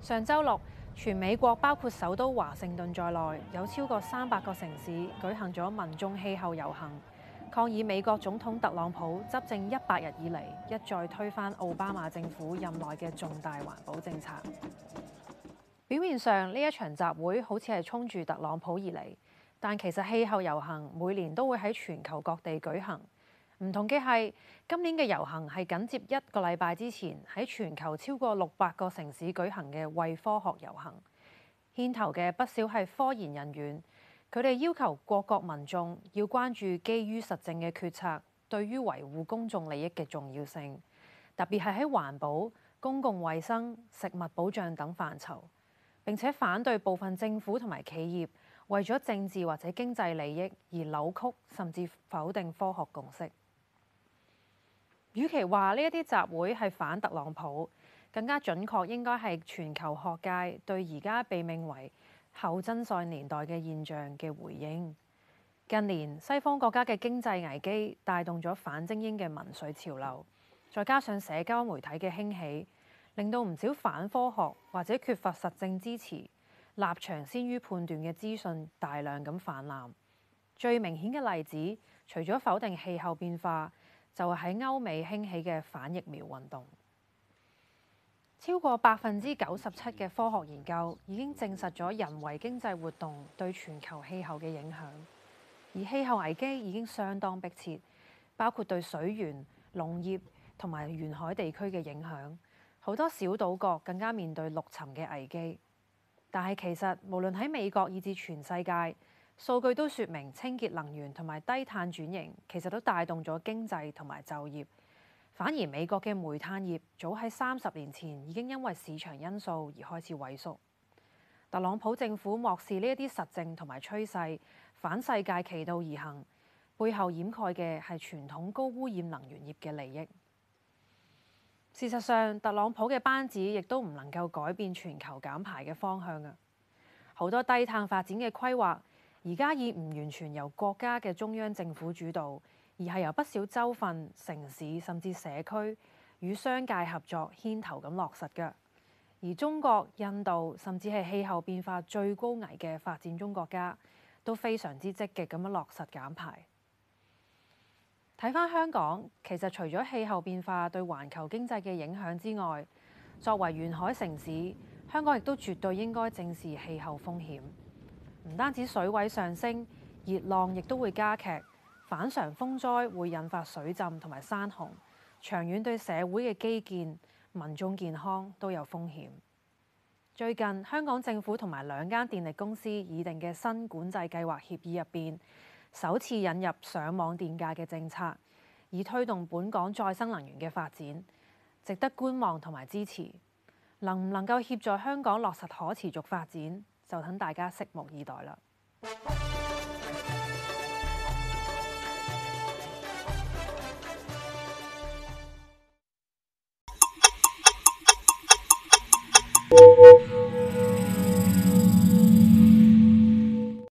上週六，全美國包括首都華盛頓在內，有超過三百個城市舉行咗民眾氣候遊行，抗議美國總統特朗普執政一百日以來一再推翻奧巴馬政府任內嘅重大環保政策。表面上，呢一場集會好似係衝住特朗普而嚟。但其實氣候遊行每年都會喺全球各地舉行，唔同嘅係今年嘅遊行係緊接一個禮拜之前喺全球超過六百個城市舉行嘅為科學遊行，牽頭嘅不少係科研人員，佢哋要求各國民眾要關注基於實證嘅決策對於維護公眾利益嘅重要性，特別係喺環保、公共衛生、食物保障等範疇，並且反對部分政府同埋企業，為咗政治或者經濟利益而扭曲，甚至否定科學共識，與其話呢一啲集會係反特朗普，更加準確應該係全球學界對而家被命為後真相年代嘅現象嘅回應。近年西方國家嘅經濟危機帶動咗反精英嘅民粹潮流，再加上社交媒體嘅興起，令到唔少反科學或者缺乏實證支持。立場先於判斷嘅資訊大量咁泛濫，最明顯嘅例子，除咗否定氣候變化，就係喺歐美興起嘅反疫苗運動。超過百分之九十七嘅科學研究已經證實咗人為經濟活動對全球氣候嘅影響，而氣候危機已經相當迫切，包括對水源、農業同埋沿海地區嘅影響。好多小島國更加面對陸沉嘅危機。但係其實，無論喺美國以至全世界，數據都說明清潔能源同埋低碳轉型其實都帶動咗經濟同埋就業。反而美國嘅煤炭業早喺三十年前已經因為市場因素而開始萎縮。特朗普政府漠視呢一啲實證同埋趨勢，反世界其道而行，背後掩蓋嘅係傳統高污染能源業嘅利益。事實上，特朗普嘅班子亦都唔能夠改變全球減排嘅方向啊！好多低碳發展嘅規劃，而家已唔完全由國家嘅中央政府主導，而係由不少州份、城市，甚至社區，與商界合作牽頭咁落實嘅。而中國、印度，甚至係氣候變化最高危嘅發展中國家，都非常之積極咁樣落實減排。睇翻香港，其實除咗氣候變化對環球經濟嘅影響之外，作為沿海城市，香港亦都絕對應該正視氣候風險。唔單止水位上升，熱浪亦都會加劇，反常風災會引發水浸同埋山洪，長遠對社會嘅基建、民眾健康都有風險。最近香港政府同埋兩間電力公司擬定嘅新管制計劃協議入邊，首次引入上網電價嘅政策，以推動本港再生能源嘅發展，值得觀望同埋支持。能唔能夠協助香港落實可持續發展，就等大家拭目以待啦。